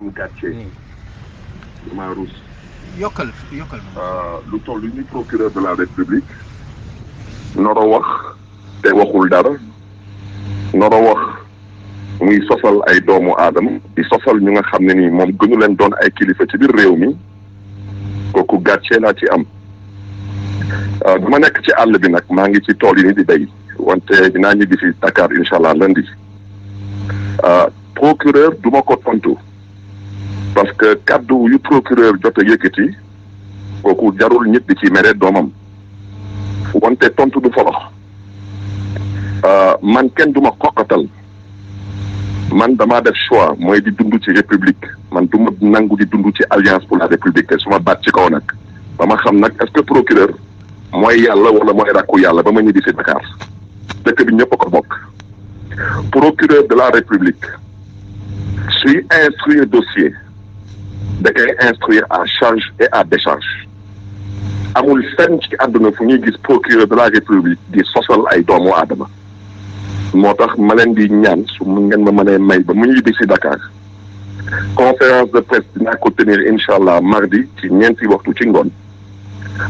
am gàcce dama ruus noro wax te waxul dara noro wax muy sosal ay doomu aadama di sosal ñu nga xam ne nii moom gënu leen doon ay kilifa ci biir réew mi kooku gàcce laa ci am euh, dama nekk ci àll bi nag maa ngi ci tool yi ni di béy wante dinaa ñibbi si Dakar incha allah euh, procureur duma ko tontu ak kaddu yu procureur jot a yëkkati kooku jarul nit di ci meree doomam wante tontu du folox euh, man kenn duma xoqatal man damaa def choix mooy di dund ci république man du ma nangu di dund ci alliance pour la république te su ma baat ci kaw nag ba ma xam nag est-ce que procureur mooy yàlla wala mooy rakku yàlla ba ma ñibbi si Dakar dëkk bi ñëpp ko bokk procureur de la république suy instruire dossier da koy à charge et à décharge amul fenn ci àdduna fu ñuy gis procureur de la république di sosal ay doomu aadama moo tax ma leen di ñaan su mu ngeen ma mënee may ba mu ñuy bi si Dakar conférence de presse dinaa ko tenir incha allah mardi ci ñeenti waxtu ci ngoon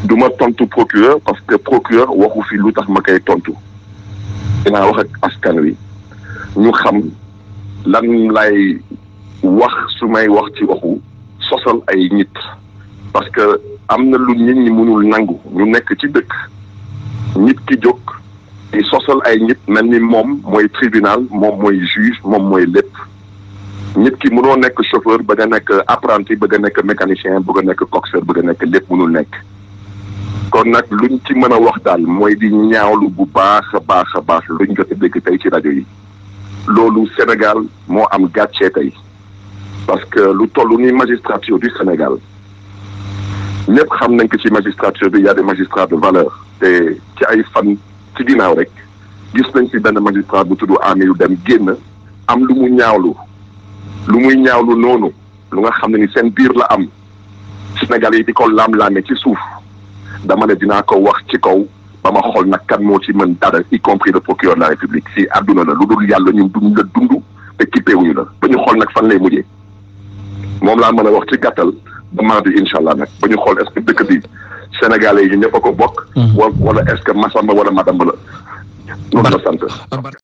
du ma tontu procureur parce que procureur waxu fi lu tax ma kay tontu dinaa wax ak askan wi ñu xam lan lay wax su may wax ci waxu sosal ay nit parce que am na lu nit ñi mënul nangu ñu nekk ci dëkk nit ki jóg di sosal ay nit mel ni moom mooy tribunal moom mooy juge moom mooy lépp nit ki mënoo nekk chauffeur ba ga nekk apprenti ba a nekk mécanicien bëgg a nekk coxeur bëgg a nekk lépp mënul nekk kon nag luñ ci mën a wax daal mooy di ñaawlu bu baax a baax a baax luñ jot a dégg tey ci rajo yi loolu Sénégal moo am gàccee tey parce que lu toll ni magistrature du Sénégal ñëpp xam nañ que ci magistrature bi y a des magistrats de valeur te ci ay fan ci ginnaaw rek gis nañ ci benn magistrat bu am yu Deme génn am lu mu ñaawlu lu muy ñaawlu noonu lu nga xam ne ni seen biir la am Sénégal yi di ko laam-laame ci suuf dama ne dinaa ko wax ci kaw ba ma xool nag kan moo ci mën dara y compris le procureur de la république si àdduna la lu dul yàlla ñun duñ la dund te kippéewuñu la ba xool nag fan lay mujjee moom laa mën a wax ci gàttal ba mardi incha allah nag ba ñu xool est-ce que dëkk bi sénégalais yi ñëpp a ko bokk. Mhm. wala est-ce que Massamba wala Madamba la. ñu mën a sant.